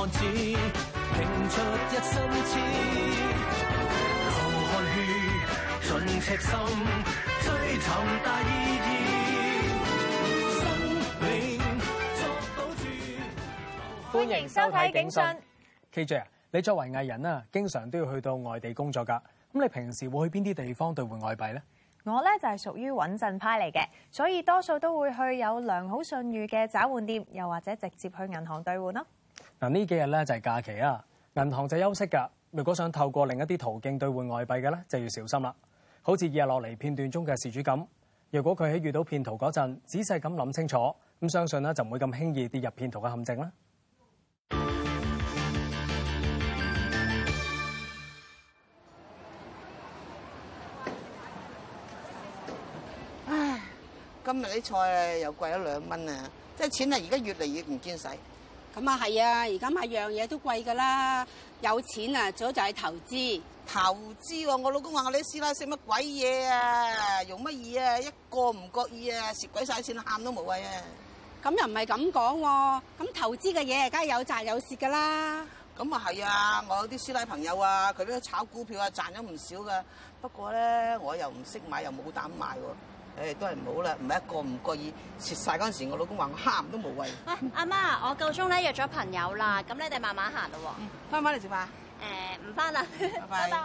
歡迎收睇《警訊》KJ 啊。你作為藝人啊，經常都要去到外地工作㗎。咁你平時會去邊啲地方兌換外幣咧？我咧就係、是、屬於穩陣派嚟嘅，所以多數都會去有良好信譽嘅找換店，又或者直接去銀行兌換咯。嗱呢幾日咧就係假期啊，銀行就休息噶。如果想透過另一啲途徑兌換外幣嘅咧，就要小心啦。好似二日落嚟片段中嘅事主咁，如果佢喺遇到騙徒嗰陣，仔細咁諗清楚，咁相信咧就唔會咁輕易跌入騙徒嘅陷阱啦。唉，今日啲菜又貴咗兩蚊啊！即係錢啊，而家越嚟越唔見使。咁啊係啊！而家買樣嘢都貴噶啦，有錢啊，最好就係投資。投資喎、啊，我老公話我啲師奶食乜鬼嘢啊，用乜嘢啊，一個唔覺意啊，蝕鬼晒錢，喊都冇謂啊。咁又唔係咁講喎，咁投資嘅嘢梗係有賺有蝕噶啦。咁啊係啊，我有啲師奶朋友啊，佢都炒股票啊，賺咗唔少噶。不過咧，我又唔識買，又冇膽買喎、啊。誒、哎、都係唔好啦，唔係一個唔覺意蝕晒嗰陣時，我老公話我喊都冇謂。喂，阿媽，我夠鐘咧約咗朋友啦，咁你哋慢慢行咯喎。嗯，翻唔翻嚟食飯？誒、呃，唔翻啦。拜拜。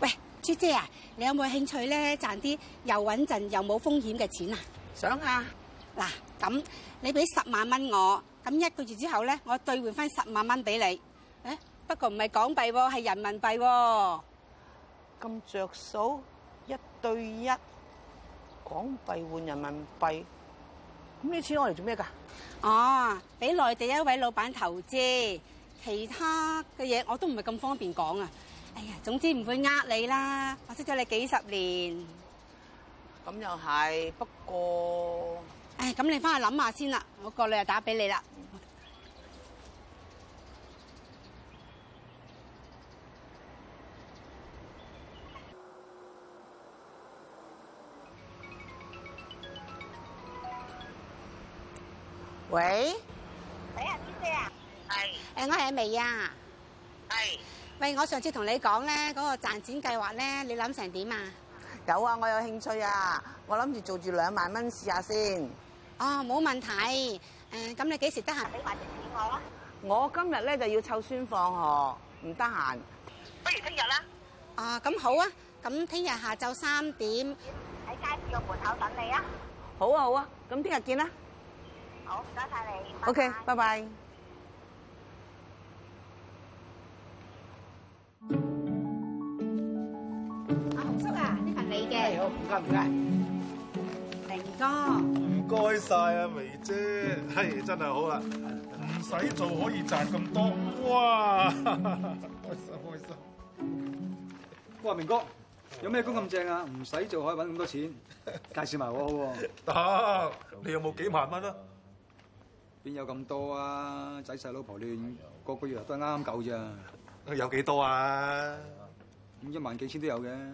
喂，朱姐啊，你有冇興趣咧賺啲又穩陣又冇風險嘅錢啊？想下啊！嗱，咁你俾十萬蚊我，咁一個月之後咧，我兌換翻十萬蚊俾你。誒，不過唔係港幣喎、啊，係人民幣喎、啊。咁着數，一對一。港幣換人民幣，咁啲錢用嚟做咩噶？哦，俾內地一位老闆投資，其他嘅嘢我都唔係咁方便講啊！哎呀，總之唔會呃你啦，我識咗你幾十年，咁又係，不過，哎，咁你翻去諗下先啦，我過兩日打俾你啦。喂，係啊，師姐啊，係，誒，我係阿薇啊，係，喂，我上次同你講咧，嗰個賺錢計劃咧，你諗成點啊？有啊，我有興趣啊，我諗住做住兩萬蚊試下先。哦，冇問題，誒，咁你幾時得閒俾埋啲錢我啊？我今日咧就要湊孫放學，唔得閒。不如聽日啦。啊，咁好啊，咁聽日下晝三點喺街市個門口等你啊。好啊，好啊，咁聽日見啦。好，唔該晒你。O K，拜拜，okay，拜，拜，拜，拜，啊。阿洪叔啊，呢份你嘅、哎。唔該唔該，明哥唔該。唔該晒啊，薇姐，係、哎、真係好啊，唔使做可以賺咁多，哇！開心開心。哇，明哥，有咩工咁正啊？唔使做可以搵咁多錢，介紹埋我好唔、啊、好？得 你有冇幾萬蚊啊？邊有咁多啊？仔細老婆亂，個個月都啱夠咋。有幾多啊？咁一萬幾千都有嘅。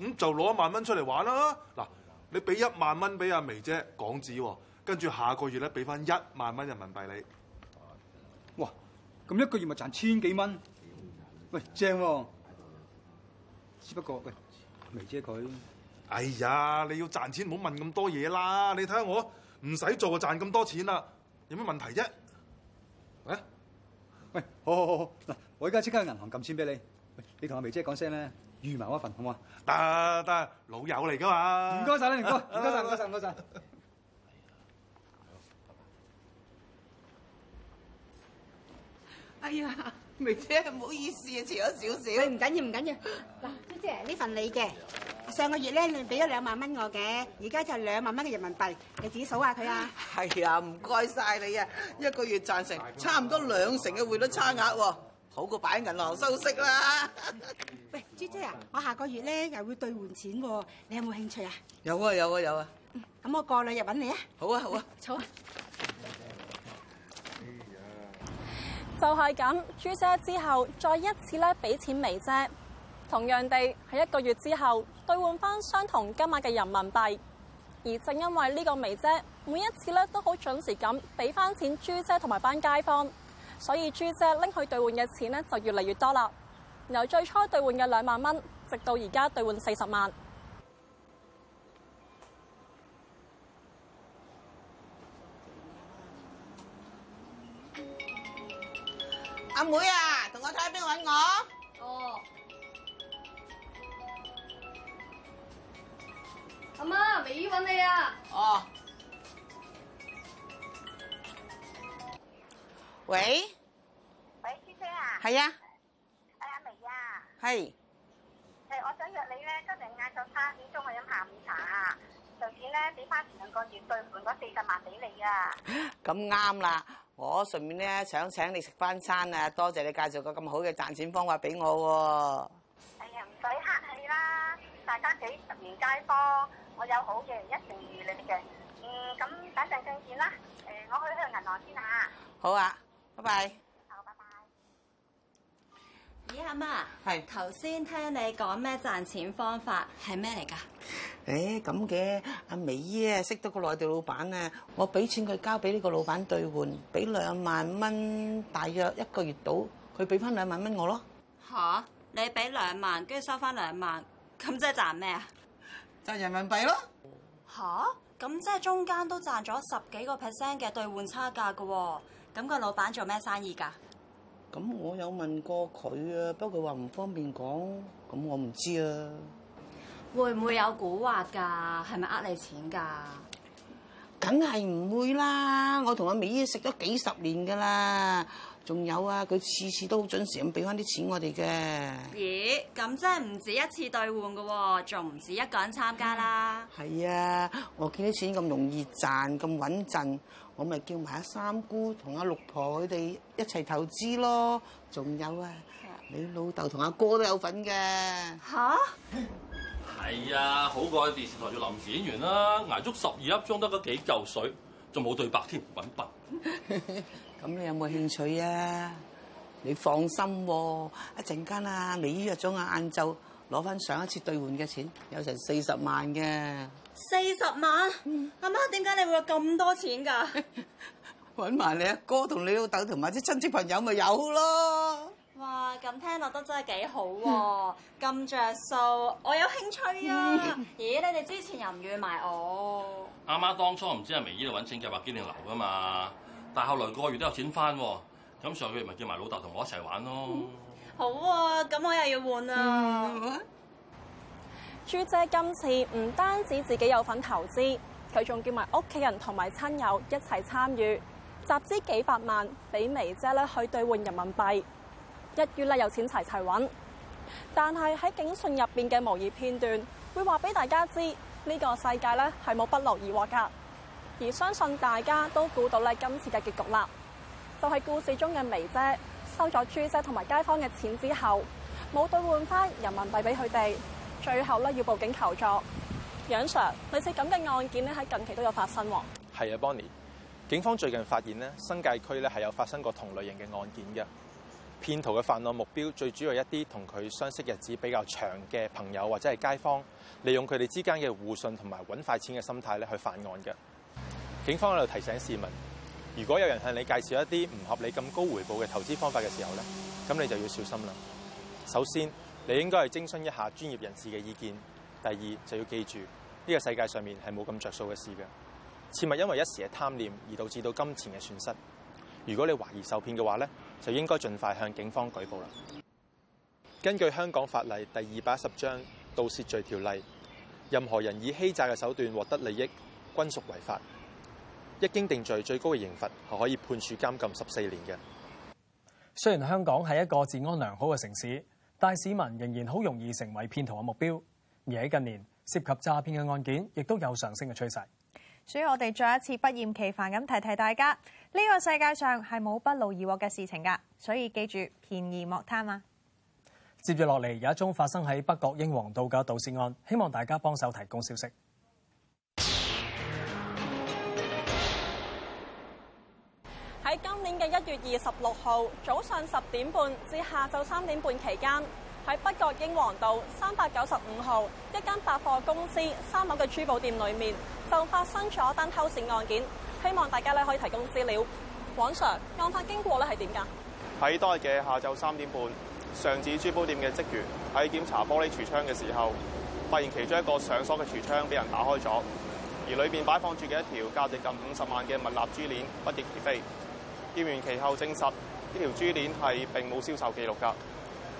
咁就攞一萬蚊出嚟玩啦！嗱，你俾一萬蚊俾阿眉姐港紙，跟住下個月咧俾翻一萬蚊人民幣你、啊。哇！咁一個月咪賺千幾蚊？喂，正喎、啊！只不過，喂，眉姐佢，哎呀，你要賺錢唔好問咁多嘢啦！你睇下我。唔使做就賺咁多錢啊，賺咁多錢啦，有咩問題啫？嚟喂，好好好好，嗱，我而家即刻去銀行撳錢俾你。喂，哦、喂，你同阿梅姐講聲咧，預埋一份好嘛？得得，老友嚟噶嘛？唔該晒啦，唔該，唔該晒，唔該晒。哎呀，梅姐，唔好意思啊，遲咗少少。唔緊要，唔緊要。嗱，姐姐，呢份你嘅。上個月咧，你俾咗兩萬蚊我嘅，而家就係兩萬蚊嘅人民幣，你自己數下佢啊。係啊，唔該晒你啊！一個月賺成差唔多兩成嘅匯率差額喎，好過擺喺銀行收息啦。喂，朱姐啊，我下個月咧又會兌換錢喎，你有冇興趣啊？有啊，有啊，有啊。咁我過兩日搵你啊。好啊，好啊。好啊。就係咁，朱姐之後再一次咧，俾錢美姐。同樣地，喺一個月之後。兌換翻相同金額嘅人民幣，而正因為呢個美姐每一次咧都好準時咁俾翻錢豬姐同埋班街坊，所以豬姐拎去兌換嘅錢咧就越嚟越多啦。由最初兌換嘅兩萬蚊，直到而家兌換四十萬。我揾你啊！哦，喂，喂師姐啊，係呀，係阿薇啊，係，係我想約你咧，今日晏晝三點鐘去飲下午茶啊，上次咧俾翻前兩個月兌滿嗰四十萬俾你啊。咁啱啦，我順便咧想請你食翻餐啊，多謝你介紹個咁好嘅賺錢方法俾我。哎呀，唔使客氣啦，大家幾十年街坊。我有好嘅一定預你哋嘅，嗯，咁等陣計錢啦。誒、呃，我去向銀行先吓。好啊，拜拜。好，拜拜。咦、欸，阿媽，係頭先聽你講咩賺錢方法是什麼，係咩嚟噶？誒，咁嘅，阿美姨啊，識到個內地老闆啊，我俾錢佢交俾呢個老闆兌換，俾兩萬蚊，大約一個月到，佢俾翻兩萬蚊我咯。吓、啊，你俾兩萬，跟住收翻兩萬，咁即係賺咩啊？就人民幣咯，吓？咁即係中間都賺咗十幾個 percent 嘅兌換差價噶喎，咁個老闆做咩生意噶？咁我有問過佢啊，不過佢話唔方便講，咁我唔知啊。會唔會有蠱惑㗎？係咪呃你錢㗎？梗係唔會啦，我同阿美姨食咗幾十年㗎啦。仲有啊，佢次次都好準時咁俾翻啲錢我哋嘅。咦，咁真係唔止一次兌換嘅喎，仲唔止一個人參加啦。係、嗯、啊，我見啲錢咁容易賺，咁穩陣，我咪叫埋阿三姑同阿六婆佢哋一齊投資咯。仲有啊，你老豆同阿哥都有份嘅。吓、啊？係 啊，好過喺電視台做臨時演員啦，捱足十二粒鐘得嗰幾嚿水，仲冇對白添，揾笨。 咁你有冇興趣啊，嗯。你放心喎，啊，一陣間啊，微姨約咗我晏晝攞翻上一次兌換嘅錢，有成四十萬嘅。四十萬，阿，嗯，媽點解你會有咁多錢㗎？揾埋你阿哥同你老豆同埋啲親戚朋友咪有咯。哇，咁聽落得真係幾，啊嗯，好喎，咁着數，我有興趣啊！嗯，咦，你哋之前又唔約埋我。阿媽，媽當初唔知係微姨度揾錢入白金定留㗎嘛？但後來個月都有錢翻喎，咁上個月咪叫埋老豆同我一齊玩咯、嗯。好啊，咁我又要換啦。朱、嗯、姐 今次唔單止自己有份投資，佢仲叫埋屋企人同埋親友一齊參與，集資幾百萬俾微姐咧去兌換人民幣，一月咧有錢齊齊揾。但係喺警訊入面嘅模擬片段，會話俾大家知呢、呢個世界咧係冇不勞而獲㗎。而相信大家都估到咧今次嘅結局啦，就係故事中嘅眉姐收咗朱姐同埋街坊嘅錢之後，冇兌換翻人民幣俾佢哋，最後咧要報警求助。Yang Sir，類似咁嘅案件咧喺近期都有發生。係啊，Bonny，警方最近發現咧新界區咧係有發生過同類型嘅案件嘅騙徒嘅犯案目標最主要一啲同佢相識日子比較長嘅朋友或者係街坊，利用佢哋之間嘅互信同埋搵快錢嘅心態咧去犯案嘅。警方喺度提醒市民，如果有人向你介紹一啲唔合理咁高回報嘅投資方法嘅時候咧，咁你就要小心啦。首先，你應該係徵詢一下專業人士嘅意見，第二就要記住呢個世界上面係冇咁着數嘅事嘅。切勿因為一時嘅貪念而導致到金錢嘅損失。如果你懷疑受騙嘅話，咧，就應該盡快向警方舉報啦。根據香港法例第二百一十章《盜竊罪條例》，任何人以欺詐嘅手段獲得利益，均屬違法。一經定罪，最高嘅刑罰係可以判處監禁十四年嘅。雖然香港係一個治安良好嘅城市，但市民仍然好容易成為騙徒嘅目標。而喺近年，涉及詐騙嘅案件亦都有上升嘅趨勢。所以我哋再一次不厭其煩咁提提大家：呢個世界上係冇不勞而獲嘅事情噶，所以記住便宜莫貪啊！接住落嚟有一宗發生喺北角英皇道嘅盜竊案，希望大家幫手提供消息。月二十六號早上十點半至下晝三點半期間，喺北角英皇道三百九十五號一間百貨公司三樓嘅珠寶店裏面，就發生咗單偷竊案件。希望大家咧可以提供資料。王 Sir，案發經過咧係點噶？喺當日嘅下晝三點半，上址珠寶店嘅職員喺檢查玻璃櫥窗嘅時候，發現其中一個上鎖嘅櫥窗俾人打開咗，而裏面擺放住嘅一條價值近五十萬嘅蜜蠟珠鏈不翼而飛。店員其後證實呢條珠鏈係並冇銷售記錄㗎，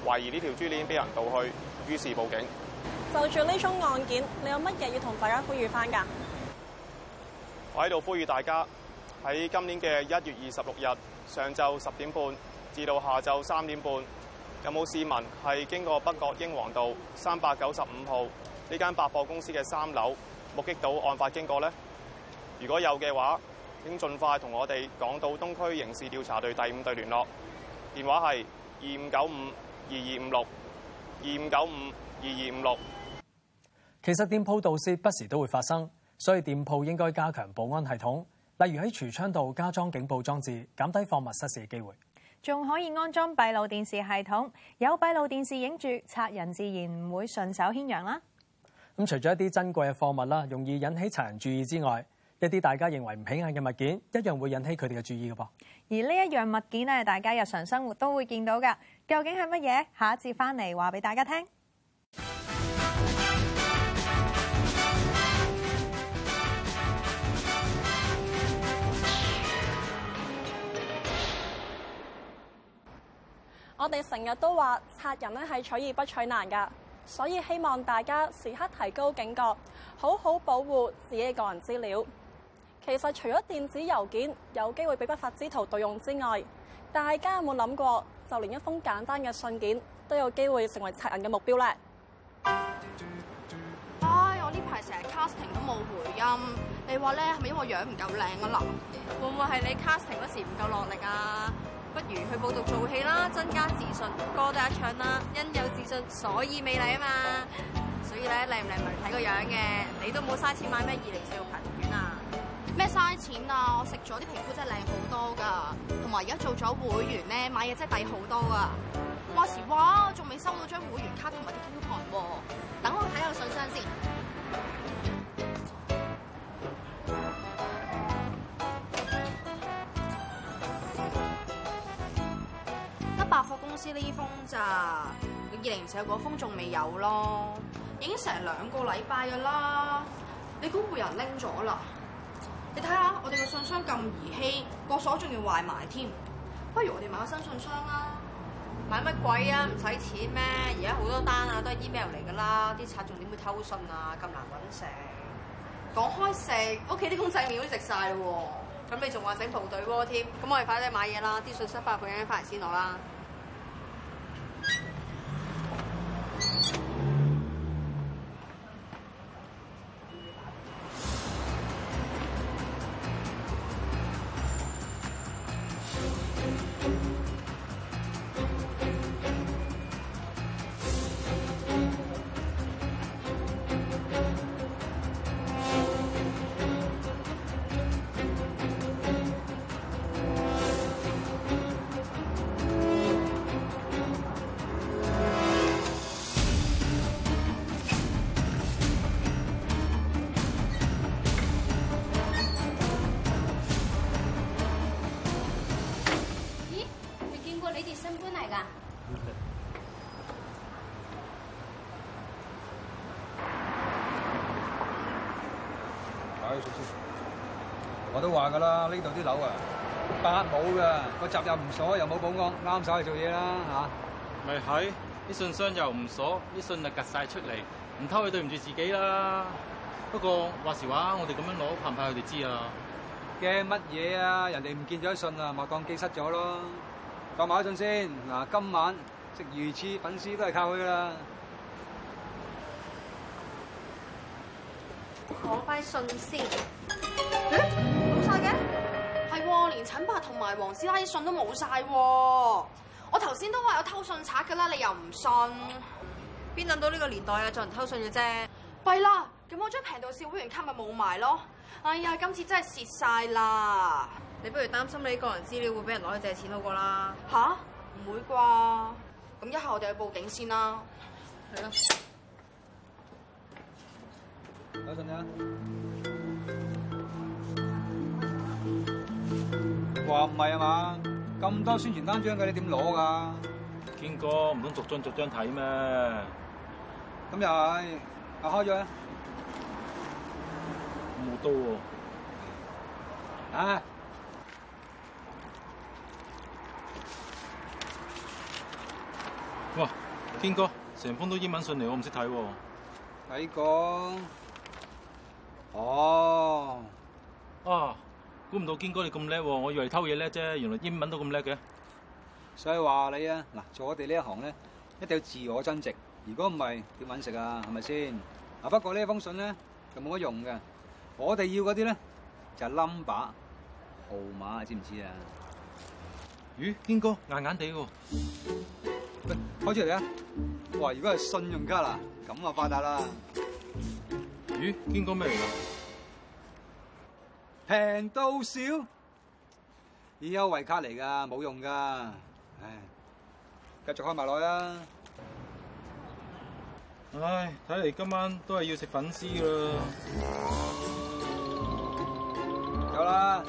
懷疑呢條珠鏈被人盜去，於是報警。就住呢宗案件，你有乜嘢要同大家呼籲翻㗎？我喺度呼籲大家喺今年嘅一月二十六日上晝十點半至到下晝三點半，有冇市民係經過北角英皇道三百九十五號呢間百貨公司嘅三樓，目擊到案發經過呢？如果有嘅話，請盡快同我哋港島東區刑事調查隊第五隊聯絡，電話係二五九五二二五六二五九五二二五六。其實店鋪盜竊不時都會發生，所以店鋪應該加強保安系統，例如喺櫥窗度加裝警報裝置，減低貨物失竊嘅機會。仲可以安裝閉路電視系統，有閉路電視影住，賊人自然唔會順手牽羊啦。咁除咗一啲珍貴嘅貨物啦，容易引起賊人注意之外，一啲大家認為唔平衡嘅物件，一樣會引起佢哋嘅注意嘅噃。而呢一樣物件咧，大家日常生活都會見到嘅，究竟係乜嘢？下一節翻嚟話俾大家聽。我哋成日都話，殺人咧係取而不取難噶，所以希望大家時刻提高警覺，好好保護自己個人資料。其實除咗電子郵件有機會俾不法之徒盜用之外，大家有冇諗過？就連一封簡單嘅信件都有機會成為賊人嘅目標咧？唉、哎，我呢排成日 casting 都冇回音，你話咧，係咪因為我樣唔夠靚啊？啦，會唔會係你 casting 嗰時唔夠落力啊？不如去報讀做戲啦，增加自信，歌都一唱啦，因有自信所以美麗啊嘛！所以咧靚唔靚唔係睇個樣嘅，你都冇嘥錢買咩二零照。咩嘥錢啊！我食咗啲皮膚真係靚好多噶，同埋而家做咗會員咧，買嘢真係抵好多噶、啊。話時話，仲未收到一張會員卡同埋啲 coupon 喎，等我睇下信箱先。得百貨公司呢封咋，二零四嗰封仲未有咯，已經成兩個禮拜噶啦，你估會有人拎咗啦。你睇下，我哋個信箱咁兒戲，個鎖仲要壞埋添，不如我哋買個新信箱啦。買乜鬼啊？唔使錢咩？而家好多單啊，都係 email 嚟噶啦，啲賊仲點會偷信啊？咁難揾食。講開食，屋企啲公仔麵都食曬喎。咁你仲話整部隊鍋添？咁我哋快啲買嘢啦，啲信息發，俾人返嚟先攞啦。都話噶啦，呢度啲樓啊，八冇噶，個閘又唔鎖，又冇保安，啱晒去做嘢啦，吓、啊。咪係？啲信箱又唔鎖，啲信隔就夾晒出嚟，唔偷佢對唔住自己啦。不過話時話，我哋咁樣攞，怕唔怕佢哋知啊？驚乜嘢啊？人哋唔見咗啲信啊，咪當機失咗咯。再買啲信先。嗱，今晚食魚翅粉絲都係靠佢噶啦。攞翻信先。陳伯同埋黃師奶啲信都冇晒，我頭先都話有偷信賊噶啦，你又唔信？邊諗到呢個年代啊，人偷信嘅、啊、啫？弊啦，咁我張平道市會員卡咪冇埋咯。哎呀，今次真係蝕晒啦！你不如擔心你個人資料會俾人攞去借錢好過啦。吓、啊，唔會啩？咁一下我哋去報警先啦。係啊。阿陳姐。話唔係啊嘛，咁多宣傳單張嘅，你點攞噶？堅哥每張每張堅哥唔通逐張逐張睇咩？咁又係，開咗啦。冇多。啊。哇，堅哥，成封都英文信嚟，我唔識睇喎。睇過。哦。啊。啊估唔到堅哥你咁叻喎，我以為偷嘢叻啫，原來英文都咁叻嘅。所以話你啊，嗱，做我哋呢一行咧，一定要自我增值，如果唔係點搵食啊？係咪先？啊不過呢一封信咧，就冇乜用嘅。我哋要嗰啲咧，就係 number 號碼，知唔知啊？咦，堅哥硬硬地喎。喂，開出嚟啊！哇，如果係信用卡嗱，咁啊發達啦。咦，堅哥咩嚟㗎？平到少，以優惠卡嚟噶，冇用噶。唉，繼續開埋落啦。唉，睇嚟今晚都係要食粉絲噶啦。有啦。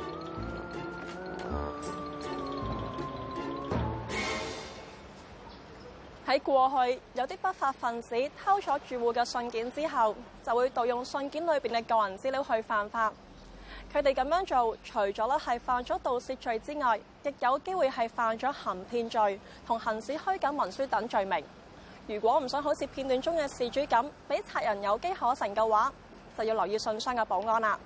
喺過去，有啲不法分子偷咗住戶嘅信件之後，就會盜用信件裏邊嘅個人資料去犯法。佢哋咁樣做，除咗咧係犯咗盜竊罪之外，亦有機會係犯咗行騙罪同行使虛假文書等罪名。如果唔想好似片段中嘅事主咁，俾賊人有機可乘嘅話，就要留意信箱嘅保安啦。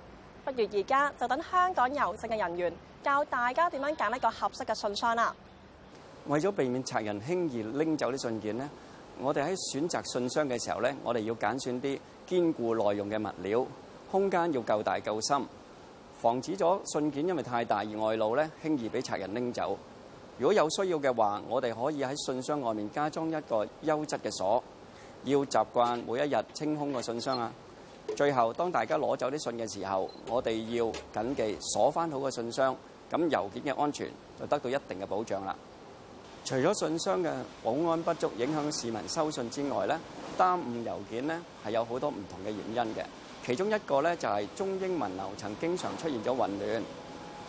不如而家就等香港郵政嘅人員教大家點樣揀一個合適嘅信箱啦。為咗避免賊人輕易拎走啲信件呢，我哋喺選擇信箱嘅時候呢，我哋要揀選啲堅固耐用嘅物料，空間要夠大夠深。防止咗信件因為太大而外露咧，輕易俾賊人拎走。如果有需要嘅話，我哋可以喺信箱外面加裝一個優質嘅鎖。要習慣每一日清空個信箱啊！最後，當大家攞走啲信嘅時候，我哋要緊記鎖翻好個信箱，咁郵件嘅安全就得到一定嘅保障啦。除咗信箱嘅保安不足影響市民收信之外咧，耽誤郵件呢係有好多唔同嘅原因嘅。其中一個咧，就係中英文樓層經常出現咗混亂。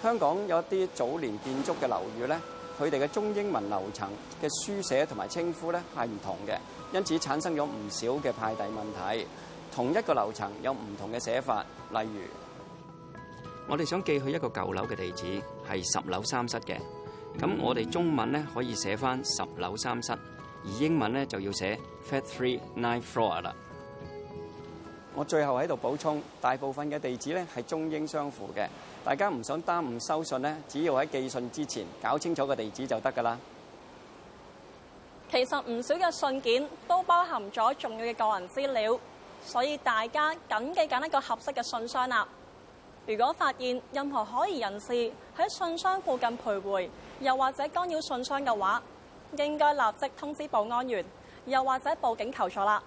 香港有啲早年建築嘅樓宇咧，佢哋嘅中英文樓層嘅書寫同埋稱呼咧係唔同嘅，因此產生咗唔少嘅派遞問題。同一個樓層有唔同嘅寫法，例如我哋想寄去一個舊樓嘅地址，係十樓三室嘅，咁我哋中文咧可以寫返十樓三室，而英文咧就要寫 Flat Three Nine Floor 啦。我最後喺度補充，大部分嘅地址呢係中英相符嘅。大家唔想耽誤收信呢，只要喺寄信之前搞清楚個地址就得噶啦。其實唔少嘅信件都包含咗重要嘅個人資料，所以大家緊記揀一個合適嘅信箱啦。如果發現任何可疑人士喺信箱附近徘徊，又或者干擾信箱嘅話，應該立即通知保安員，又或者報警求助啦。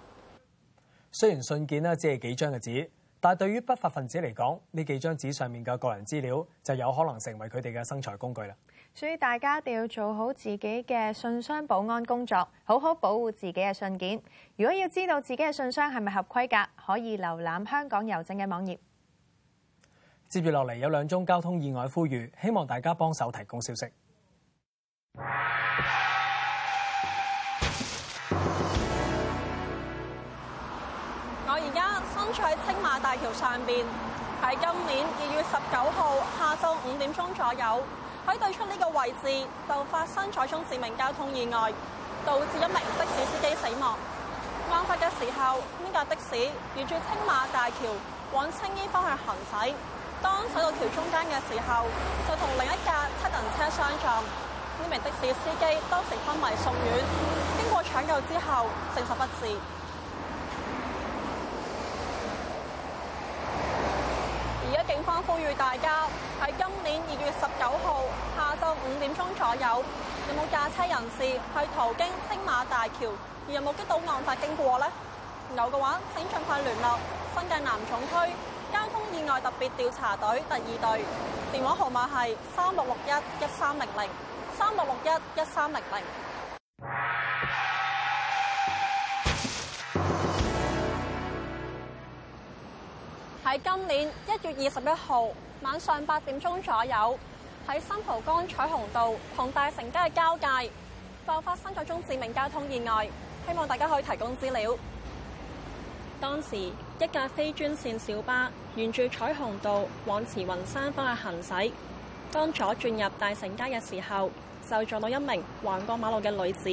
雖然信件呢只係幾張嘅紙，但係對於不法分子嚟講，呢幾張紙上面嘅個人資料就有可能成為佢哋嘅生財工具啦。所以大家一定要做好自己嘅信箱保安工作，好好保護自己嘅信件。如果要知道自己嘅信箱係咪合規格，可以瀏覽香港郵政嘅網頁。接住落嚟有兩宗交通意外呼籲，呼籲希望大家幫手提供消息。 喺青馬大橋上邊，喺今年二月十九號下晝五點鐘左右，喺對出呢個位置就發生咗宗致命交通意外，導致一名的士司機死亡。案發嘅時候，呢架的士沿住青馬大橋往青衣方向行駛，當駛到橋中間嘅時候，就同另一架七人車相撞。呢名的士司機當時昏迷送院，經過搶救之後證實不治。呼籲大家喺今年二月十九號下晝五點鐘左右，有冇駕車人士去途經青馬大橋而有目擊到案發經過呢？有嘅話，請盡快聯絡新界南總區交通意外特別調查隊第二隊，電話號碼係三六六一一三零零三六六一一三零零。喺今年一月二十一號晚上八點鐘左右，喺新蒲崗彩虹道同大成街嘅交界，發生咗一宗致命交通意外。希望大家可以提供資料。當時一架非專線小巴沿住彩虹道往慈雲山方向行駛，當左轉入大成街嘅時候，就撞到一名橫過馬路嘅女子。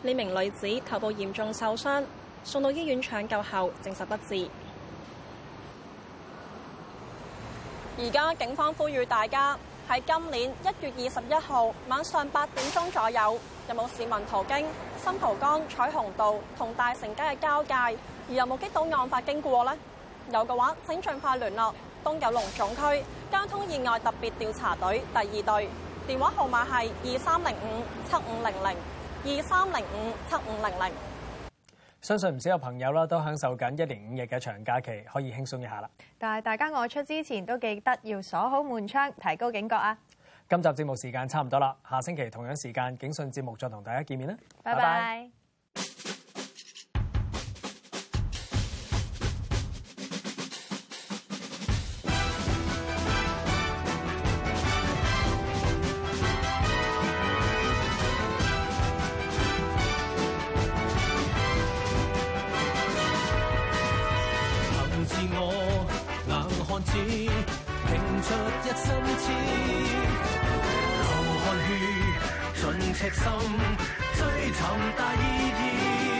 呢名女子頭部嚴重受傷，送到醫院搶救後，證實不治。而家警方呼籲大家喺今年一月二十一號晚上八點鐘左右，有冇市民途經新蒲崗彩虹道同大成街嘅交界？而有冇見到案發經過呢？有嘅話，請盡快聯絡東九龍總區交通意外特別調查隊第二隊，電話號碼係二三零五七五零零二三零五七五零零。相信唔少嘅朋友啦，都享受緊一年五日嘅長假期，可以輕鬆一下啦。但係大家外出之前，都記得要鎖好門窗，提高警覺啊！今集節目時間差唔多啦，下星期同樣時間警訊節目再同大家見面啦。拜拜。Bye bye 拼出一身癡，流汗血，盡赤心，追尋大意義。